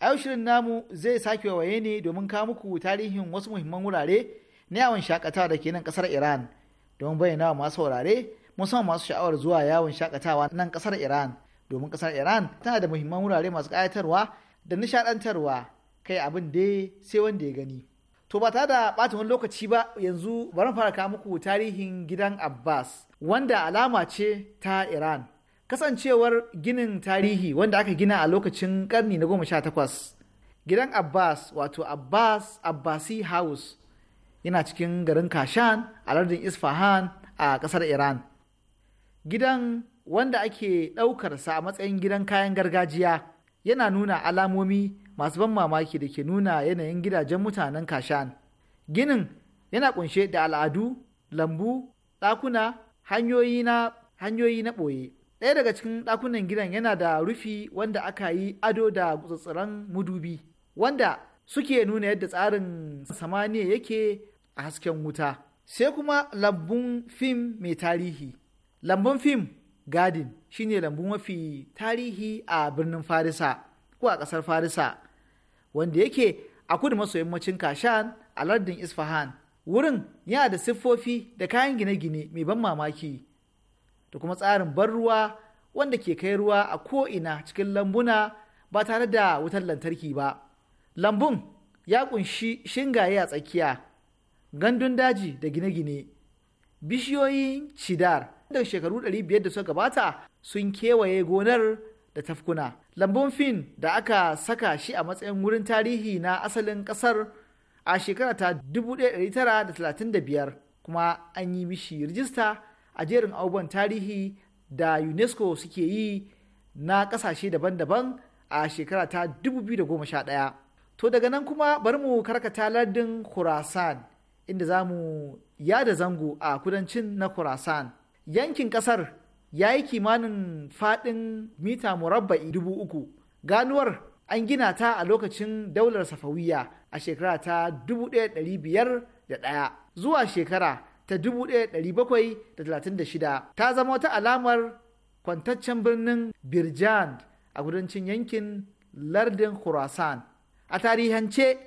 A yau shirin namu zai sake waye ne domin kawo muku tarihin wasu muhimman wurare na yawon shakatawa da ke nan kasar Iran. Domin bayyana wa masu saurare musamman masu sha'awar zuwa yawon shakatawa nan kasar Iran. Domin ƙasar Iran tana da muhimman wurare masu ƙayatarwa da nishaɗantarwa kai abin da sai wanda ya gani. To ba ta da ɓata wani lokaci ba yanzu bari fara kawo muku tarihin gidan Abbas wanda alama ce ta Iran. kasancewar ginin tarihi wanda aka gina a lokacin karni na goma sha takwas gidan abbas wato abbas abbasi house yana cikin garin kashan a lardin isfahan a kasar iran gidan wanda ake ɗaukarsa a matsayin gidan kayan gargajiya yana nuna alamomi masu ban mamaki da ke nuna yanayin gidajen mutanen kashan ginin yana kunshe da al'adu lambu ɗakuna hanyoyi na ɓoye ɗaya daga cikin ɗakunan gidan yana da rufi wanda aka yi ado da tsatsiran mudubi wanda suke nuna yadda tsarin samaniya yake a hasken wuta sai kuma lambun fim mai tarihi lambun fim gadin shine lambun mafi tarihi a birnin farisa ko a ƙasar farisa wanda yake a kudu maso yammacin kashan a lardin isfahan wurin yana da siffofi da kayan gine-gine mai ban mamaki da kuma tsarin ban ruwa wanda ke kai ruwa a ko'ina cikin lambuna ba tare da wutar lantarki ba. Lambun ya kunshi shingaye a tsakiya, gandun daji da gine-gine, bishiyoyin cidar da shekaru 500 da suka gabata sun kewaye gonar da tafkuna. Lambun fin da aka saka shi a matsayin wurin tarihi na asalin ƙasar a shekara ta 1935 kuma an yi mishi rijista a jerin abubuwan tarihi da unesco suke yi na kasashe daban-daban a shekara ta 2011 to daga nan kuma bari mu karkata lardin khurasan inda za mu yada zango a kudancin na khurasan yankin ƙasar ya yi kimanin faɗin mita murabba'i dubu uku ganuwar an gina ta a lokacin daular safawiya a shekara ta 1501 zuwa shekara ta 1736 ta zama wata alamar kwantaccen birnin birjan a kudancin yankin lardin khurasan a tarihance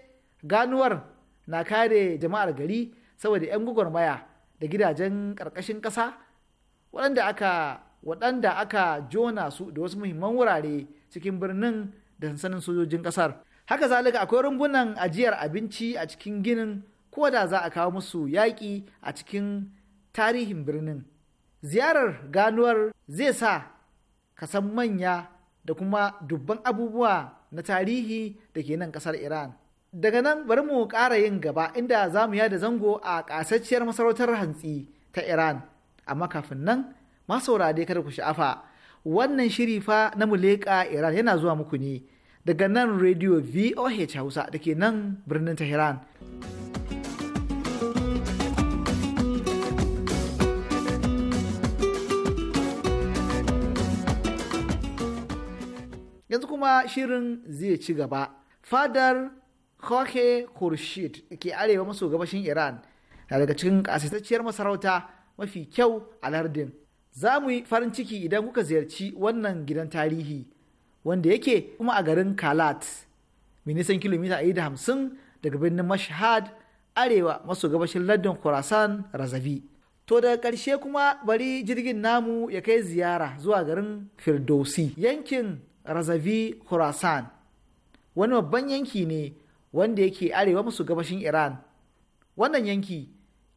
ganuwar na kare jama'ar gari saboda 'yan gwagwarmaya da gidajen ƙarƙashin ƙasa waɗanda aka waɗanda aka jona su da wasu muhimman wurare cikin birnin da sansanin sojojin ƙasar haka zalika akwai rumbunan ajiyar abinci a cikin ginin ko da za a kawo musu yaƙi a cikin tarihin birnin ziyarar ganuwar zai sa ka san manya da kuma dubban abubuwa na tarihi da ke nan ƙasar iran daga nan bari mu ƙara yin gaba inda za mu yada zango a ƙasasciyar masarautar hantsi ta iran amma kafin nan masu kada ku sha'afa wannan shiri fa na muleka iran yana zuwa muku ne daga nan rediyo voh hausa da ke nan birnin tehran. yanzu kuma shirin zai ci gaba fadar Jorge Khurshid ke arewa maso gabashin Iran na daga cikin kasaitacciyar masarauta mafi kyau a lardin. Za mu yi farin ciki idan kuka ziyarci wannan gidan tarihi wanda yake kuma a garin Kalat, minisan kilomita hamsin daga birnin Mashhad arewa maso gabashin lardin Khorasan Razavi. To daga ƙarshe kuma bari jirgin namu ya kai ziyara zuwa garin Firdausi yankin razavi khorasan wani babban yanki ne wanda yake arewa maso gabashin iran wannan yanki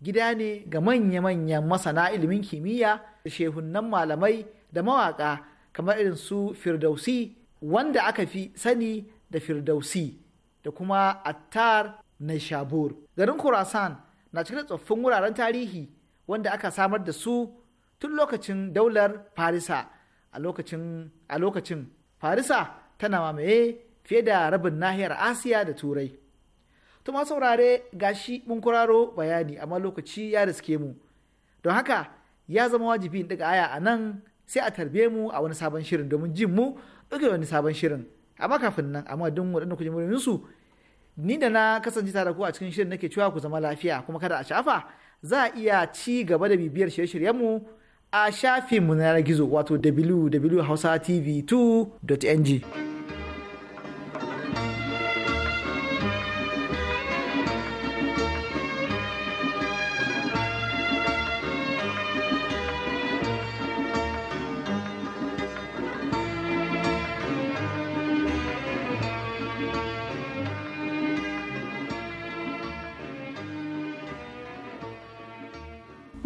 gida ne ga manya-manyan masana ilimin kimiyya da shehunan malamai da mawaka kamar irin su firdausi wanda aka fi sani da firdausi da kuma attar na shabur garin khorasan na cikin tsoffin wuraren tarihi wanda aka samar da su tun lokacin daular farisa a lokacin farisa tana mamaye fiye da rabin nahiyar asiya da turai to ma saurare gashi mun kuraro bayani amma lokaci ya riske mu don haka ya zama wajibi in ɗiga aya a nan sai a tarbe mu a wani sabon shirin domin jin mu ɗauke wani sabon shirin amma kafin nan amma duk waɗanda ku ji su ni da na kasance tare ku a cikin shirin nake cewa ku zama lafiya kuma kada a shafa za a iya ci gaba da bibiyar shirye shiryen mu. a shafinmu na yanar gizo wato www.hausatv2.ng.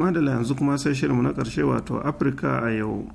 madala yanzu kuma sai shirinmu na ƙarshe wato afirka a yau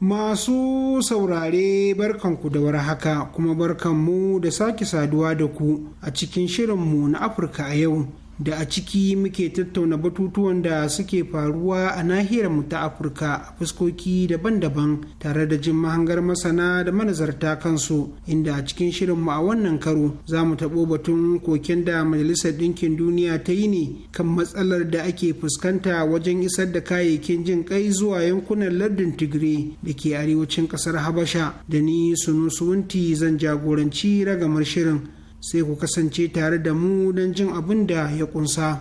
Masu saurare barkan ku da haka kuma barkanmu da sake saduwa da ku a cikin shirinmu na Afirka a yau da a ciki muke tattauna batutuwan da suke faruwa a nahiyar mu ta afirka a fuskoki daban-daban tare da jin mahangar masana da manazarta kansu inda a cikin shirin mu a wannan karo za mu taɓo batun koken da majalisar ɗinkin duniya ta yi ne kan matsalar da ake fuskanta wajen isar da kayayyakin jin kai zuwa yankunan lardin tigre da ke arewacin ƙasar habasha da ni sunusuwunti zan jagoranci ragamar shirin sai ku kasance tare da mu don jin abin da ya kunsa.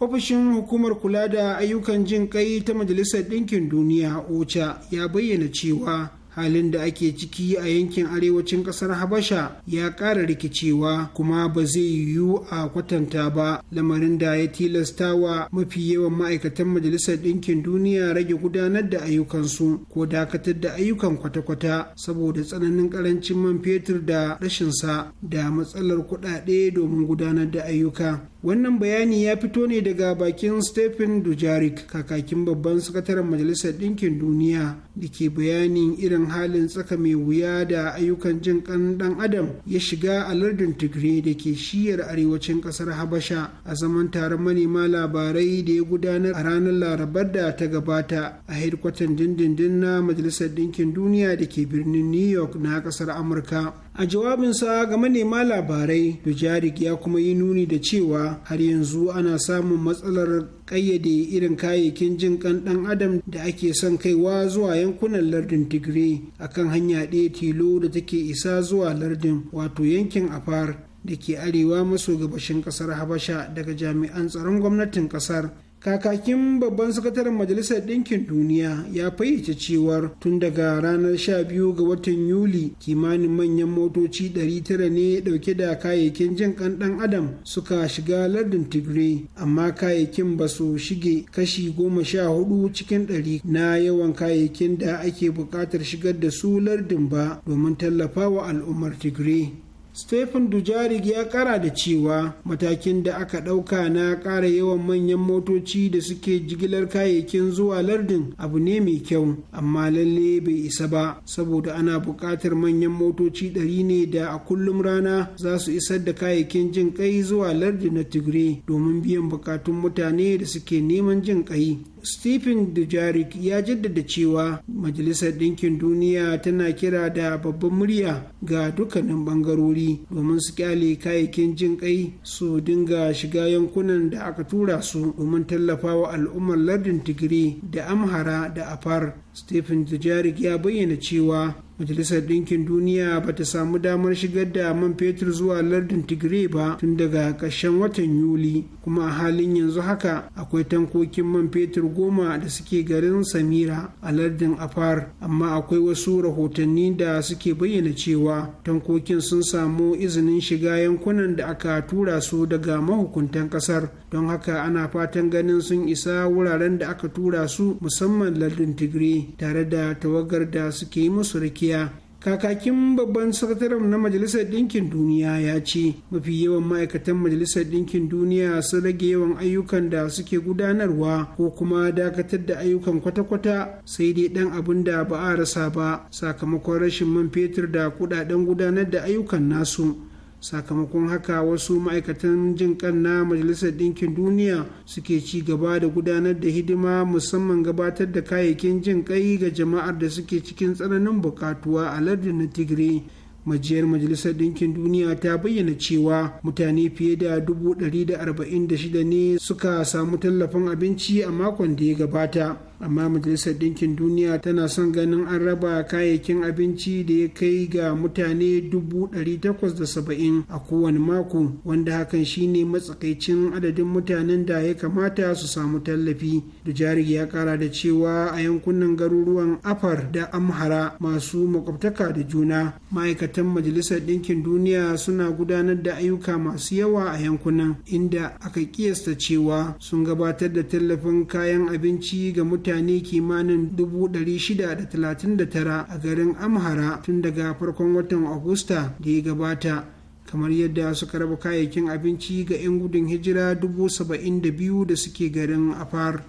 ofishin hukumar kula da ayyukan jin kai ta majalisar ɗinkin duniya ocha ya bayyana cewa halin da ake ciki a yankin arewacin kasar habasha ya ƙara rikicewa kuma ba zai yiwu a kwatanta ba lamarin da ya tilasta wa mafi yawan ma'aikatan majalisar ɗinkin duniya rage gudanar da ayyukansu ko dakatar da ayyukan kwata-kwata saboda tsananin ƙarancin man fetur da rashinsa da matsalar kuɗaɗe domin gudanar da ayyuka wannan bayani ya fito ne daga bakin stephen dujarik kakakin babban sakataren majalisar ɗinkin duniya da ke bayanin irin halin tsaka mai wuya da ayyukan jin kan ɗan adam ya shiga a lardin tigray da ke shiyar arewacin kasar habasha a zaman taron manema labarai da ya gudanar a ranar larabar da ta gabata a hedkwatan dindindin na majalisar ɗinkin duniya da ke birnin new york na kasar amurka a jawabinsa ga manema labarai dujarik ya kuma yi nuni da cewa har yanzu ana samun matsalar kayyade irin kayayyakin jin kan dan adam da ake son kaiwa zuwa yankunan lardin tigray akan hanya ɗaya tilo da take isa zuwa lardin wato yankin afar da ke arewa maso gabashin kasar habasha daga jami'an tsaron gwamnatin kasar kakakin babban sakataren majalisar ɗinkin duniya ya fayyace cewar tun daga ranar 12 ga watan yuli kimanin manyan motoci 900 ne dauke da kayayyakin jin kan dan adam suka shiga lardin tigray amma kayayyakin ba su shige kashi 14 cikin 100 na yawan kayayyakin da ake buƙatar shigar da su lardin ba domin tallafa wa al'ummar tigray stephen dujarig ya kara da cewa matakin da aka ɗauka na ƙara yawan manyan motoci da suke jigilar kayayyakin zuwa lardin abu ne mai kyau amma lalle bai isa ba saboda ana buƙatar manyan motoci ɗari ne da a kullum rana za su isar da kayayyakin jin ƙai zuwa lardin na tigre domin biyan buƙatun mutane da suke neman jin ƙai stephen dujarik ya jaddada cewa majalisar ɗinkin duniya tana kira da babban murya ga dukkanin ɓangarori domin su kyale kayayyakin jin kai su dinga shiga yankunan da aka tura su domin tallafawa al'ummar lardin tigiri da amhara da afar stephen dujarik ya bayyana cewa majalisar ɗinkin duniya ba ta samu damar shigar da man fetur zuwa lardin tigray ba tun daga ƙarshen watan yuli kuma a halin yanzu haka akwai tankokin man fetur goma da suke garin samira a lardin afar amma akwai wasu rahotanni da suke bayyana cewa tankokin sun samu izinin shiga yankunan da aka tura su daga mahukuntan ƙasar don haka ana fatan ganin sun isa wuraren da aka tura su musamman lardin tigray tare da tawagar da suke yi musu rikiya tsakiya kakakin babban sakataren na majalisar ɗinkin duniya ya ce mafi yawan ma'aikatan majalisar ɗinkin duniya su rage yawan ayyukan da suke gudanarwa ko kuma dakatar da ayyukan kwata-kwata sai dai ɗan abin da ba a rasa ba sakamakon rashin man fetur da kuɗaɗen gudanar da ayyukan nasu sakamakon haka wasu ma'aikatan jin kan na majalisar ɗinkin duniya suke ci gaba da gudanar da hidima musamman gabatar da kayayyakin jin kai ga jama'ar da suke cikin tsananin bukatuwa a lardin na tigray majiyar majalisar ɗinkin duniya ta bayyana cewa mutane fiye da 146 ne suka samu tallafin abinci a makon da ya gabata amma majalisar ɗinkin duniya tana son ganin an raba kayayyakin abinci da ya kai ga mutane 870 a kowane mako wanda hakan shine matsakaicin adadin mutanen da ya kamata su samu tallafi dujari ya kara da cewa a yankunan garuruwan afar da amhara masu makwabtaka da juna ma'aikata ma'aikatan majalisar ɗinkin duniya suna gudanar da ayyuka masu yawa a yankunan inda aka kiyasta cewa sun gabatar da tallafin kayan abinci ga mutane kimanin 639 a garin amhara tun daga farkon watan agusta da ya gabata kamar yadda suka raba kayayyakin abinci ga 'yan gudun hijira 72 da suke garin afar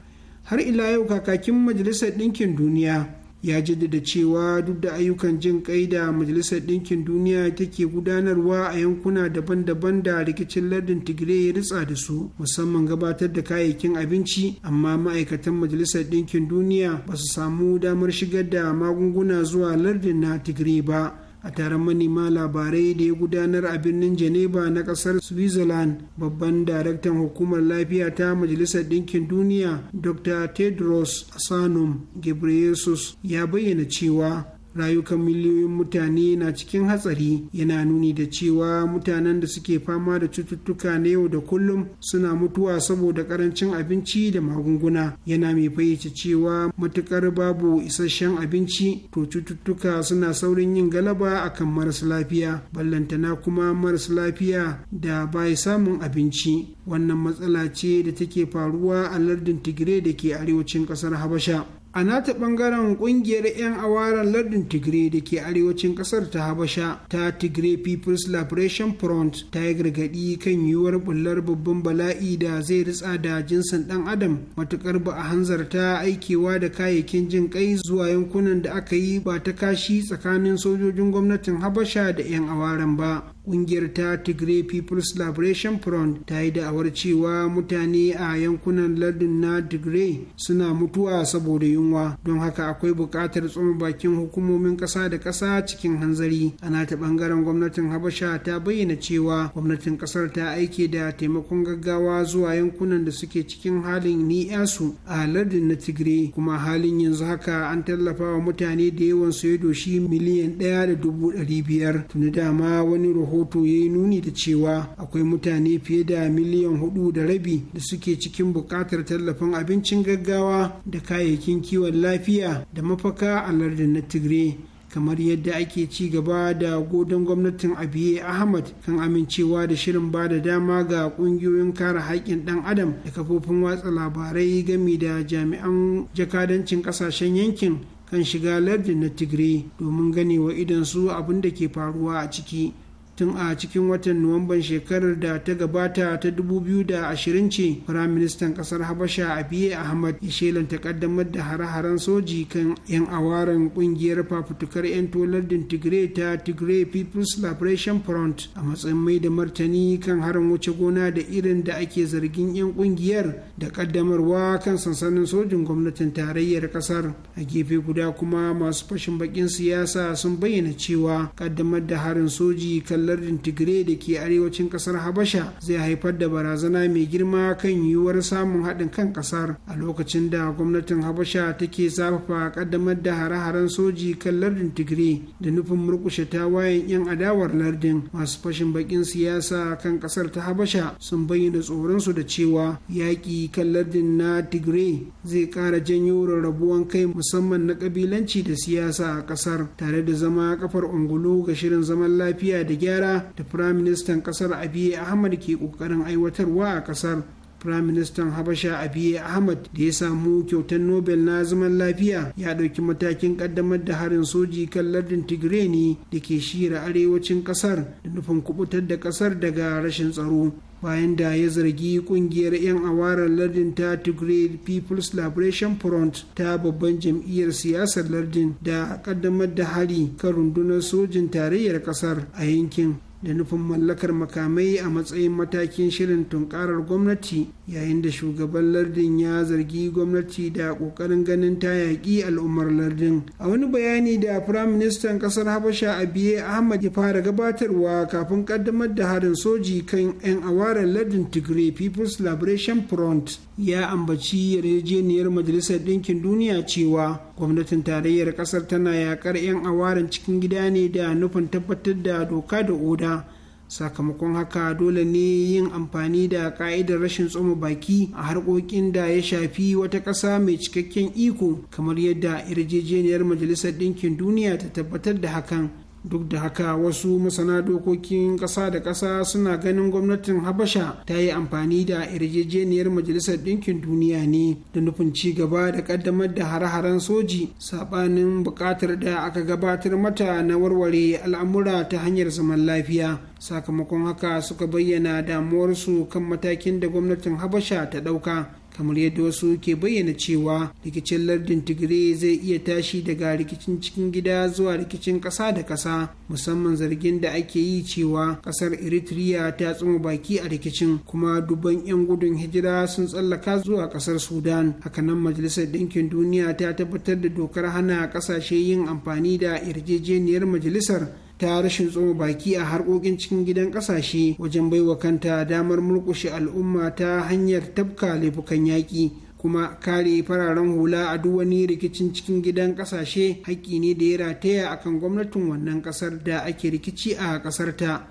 har ila yau kakakin majalisar ɗinkin duniya ya jaddada cewa duk da ayyukan jin kai da majalisar ɗinkin duniya take gudanarwa a yankuna daban-daban da rikicin lardin tigray ya ritsa da su musamman gabatar da kayayyakin abinci amma ma'aikatan majalisar ɗinkin duniya ba su samu damar shigar da magunguna zuwa lardin na tigray ba a taron manema labarai da ya gudanar a birnin geneva na kasar switzerland babban daraktan hukumar lafiya ta majalisar ɗinkin duniya dr tedros asanum ghebreyesus ya bayyana cewa rayukan miliyoyin mutane na cikin hatsari yana nuni da cewa mutanen da suke fama da cututtuka na yau da kullum suna mutuwa saboda karancin abinci da magunguna yana mai fayyace cewa matukar babu isasshen abinci to cututtuka suna saurin yin galaba akan maras lafiya ballantana kuma maras lafiya da bai samun abinci wannan matsala ce da take faruwa a lardin tigire da ke arewacin kasar habasha a nata bangaren kungiyar 'yan awaran lardin tigray da ke arewacin kasar ta habasha ta tigray people's liberation front ta yi gargadi kan yiwuwar bullar babban bala'i da zai ritsa da jinsin dan adam matukar ba a hanzarta aikewa da kayayyakin jin kai zuwa yankunan da aka yi ba ta kashi tsakanin sojojin gwamnatin habasha da 'yan awaran ba Ƙungiyar ta Tigray People's Liberation Front ta yi da'awar cewa mutane a yankunan lardin na Tigray suna mutuwa saboda yunwa, don haka akwai buƙatar tsoma bakin hukumomin ƙasa da ƙasa cikin hanzari. Ana ta ɓangaren gwamnatin Habasha ta bayyana cewa gwamnatin ƙasar ta aike da taimakon gaggawa zuwa yankunan da suke cikin halin su a lardin na Tigray, kuma halin yanzu haka an tallafa wa mutane da yawan su ya doshi miliyan ɗaya da dubu ɗari biyar. Tuni dama wani rahoto ya yi nuni da cewa akwai mutane fiye da miliyan hudu da rabi da suke cikin bukatar tallafin abincin gaggawa da kayayyakin kiwon lafiya da mafaka a lardin na tigray kamar yadda ake ci gaba da godon gwamnatin abiye ahmad kan amincewa da shirin ba da dama ga kungiyoyin kare haƙƙin ɗan adam da kafofin watsa labarai gami da jami'an jakadancin ƙasashen yankin kan shiga lardin na tigray domin ganewa idan su abin da ke faruwa a ciki tun a cikin watan nuwamban shekarar da ta gabata ta 2020 ce firaministan kasar habasha abiye ahmad ya shelanta kaddamar da hare-haren soji kan 'yan awaren kungiyar fafutukar 'yan tolardin tigray ta tigray people's liberation front a matsayin mai da martani kan harin wuce gona da irin da ake zargin 'yan kungiyar da kaddamarwa kan sansanin sojin gwamnatin tarayyar kasar a gefe guda kuma masu fashin bakin siyasa sun bayyana cewa kaddamar da harin soji kan lardin tigray da ke arewacin kasar habasha zai haifar da barazana mai girma kan yiwuwar samun haɗin kan kasar a lokacin da gwamnatin habasha take zafafa kaddamar da hare-haren soji kan lardin tigray da nufin murkushe tawayen 'yan adawar lardin masu fashin bakin siyasa kan kasar ta habasha sun bayyana tsoron su da cewa yaƙi kan lardin na tigray zai ƙara janyo rarrabuwan kai musamman na ƙabilanci da siyasa a kasar tare da zama kafar ungulu ga shirin zaman lafiya da gyara gyara da firaministan ƙasar abiy ahmad ke kokarin aiwatarwa a ƙasar firaministan habasha abiy ahmad da ya samu kyautar nobel na zaman lafiya ya ɗauki matakin ƙaddamar da harin soji kan lardin tigray da ke shira arewacin kasar da nufin kubutar da kasar daga rashin tsaro bayan da ya zargi kungiyar 'yan awarar lardin ta tigray people's liberation front ta babban jam'iyyar siyasar lardin da kaddamar da hari kan rundunar sojin tarayyar kasar a yankin da nufin mallakar makamai a matsayin matakin shirin tunkarar gwamnati yayin da shugaban lardin ya zargi gwamnati da ƙoƙarin ganin ta yaƙi al'ummar lardin a wani bayani da firaministan ƙasar habasha abiye ahmad ya fara gabatarwa kafin ƙaddamar da harin soji kan 'yan awarar lardin tigray people's liberation front ya ambaci yarjejeniyar majalisar ɗinkin duniya cewa gwamnatin tarayyar kasar tana yakar 'yan awarin cikin gida ne da nufin tabbatar da doka da oda sakamakon haka dole ne yin amfani da ka'idar rashin tsoma baki a harkokin da ya shafi wata ƙasa mai cikakken iko kamar yadda yarjejeniyar majalisar ɗinkin duniya ta tabbatar da hakan duk da haka wasu masana dokokin ƙasa da ƙasa suna ganin gwamnatin habasha ta yi amfani da yarjejeniyar majalisar ɗinkin duniya ne da nufin ci gaba da ƙaddamar da hare-haren soji saɓanin buƙatar da aka gabatar mata na warware al'amura ta hanyar zaman lafiya sakamakon haka suka bayyana damuwarsu kan matakin da gwamnatin habasha ta ɗauka kamar yadda wasu ke bayyana cewa rikicin lardin tigray zai iya tashi daga rikicin cikin gida zuwa rikicin ƙasa da ƙasa musamman zargin da ake yi cewa ƙasar eritrea ta tsuma baki a rikicin kuma dubban 'yan gudun hijira sun tsallaka zuwa ƙasar sudan hakanan majalisar ɗinkin duniya ta tabbatar da dokar hana ƙasashe yin amfani da yarjejeniyar majalisar ta rashin tsoro baki a harkokin cikin gidan ƙasashe wajen baiwa kanta damar murƙushe al'umma ta hanyar tabka laifukan yaƙi kuma kare fararen hula a duk wani rikicin cikin gidan ƙasashe haƙƙi ne da ya rataya a kan gwamnatin wannan ƙasar da ake rikici a ƙasarta.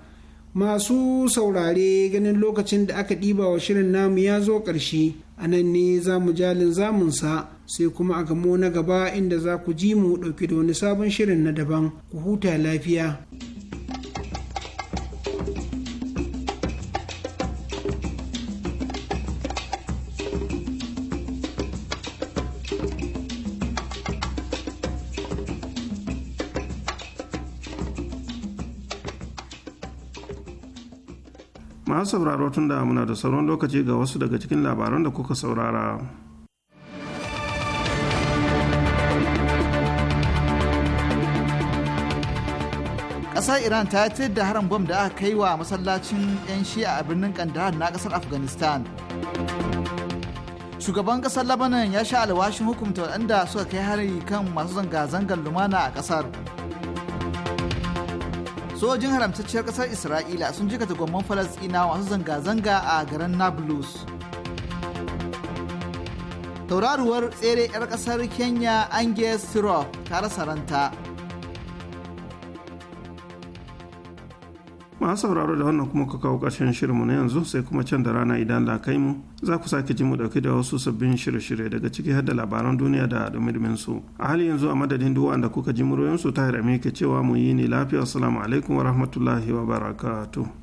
masu saurare ganin lokacin da aka ɗiba wa shirin namu ya zo ƙarshe a nan ne za mu jalin zamunsa sai kuma a gamo na gaba inda za ku ji mu ɗauki da wani sabon shirin na daban ku huta lafiya. masu sauraro tun da muna da sauran lokaci ga wasu daga cikin labaran da kuka saurara ƙasar iran ta yi da harin bom da aka kai wa masallacin 'yan shi'a a birnin kandahar na ƙasar afghanistan shugaban ƙasar labanan ya sha alwashin hukumta waɗanda suka kai hari kan masu zanga-zangar lumana a ƙasar sojojin haramtacciyar kasar isra'ila sun jikata gwamman Falasɗina masu zanga-zanga a garin nablus tauraruwar tsere 'yar kasar kenya angus sirop ta rasa ranta masu sauraro da wannan kuma ka kawo ƙarshen shirinmu na yanzu sai kuma can da rana idan la kai mu za ku sake ji mu ɗauki da wasu sabbin shirye-shirye daga ciki har da labaran duniya da dumirmin su a hali yanzu a madadin duk wanda kuka ji muryoyin su ta hirame ke cewa mu yi ne lafiya assalamu alaikum wa rahmatullahi wa barakatuh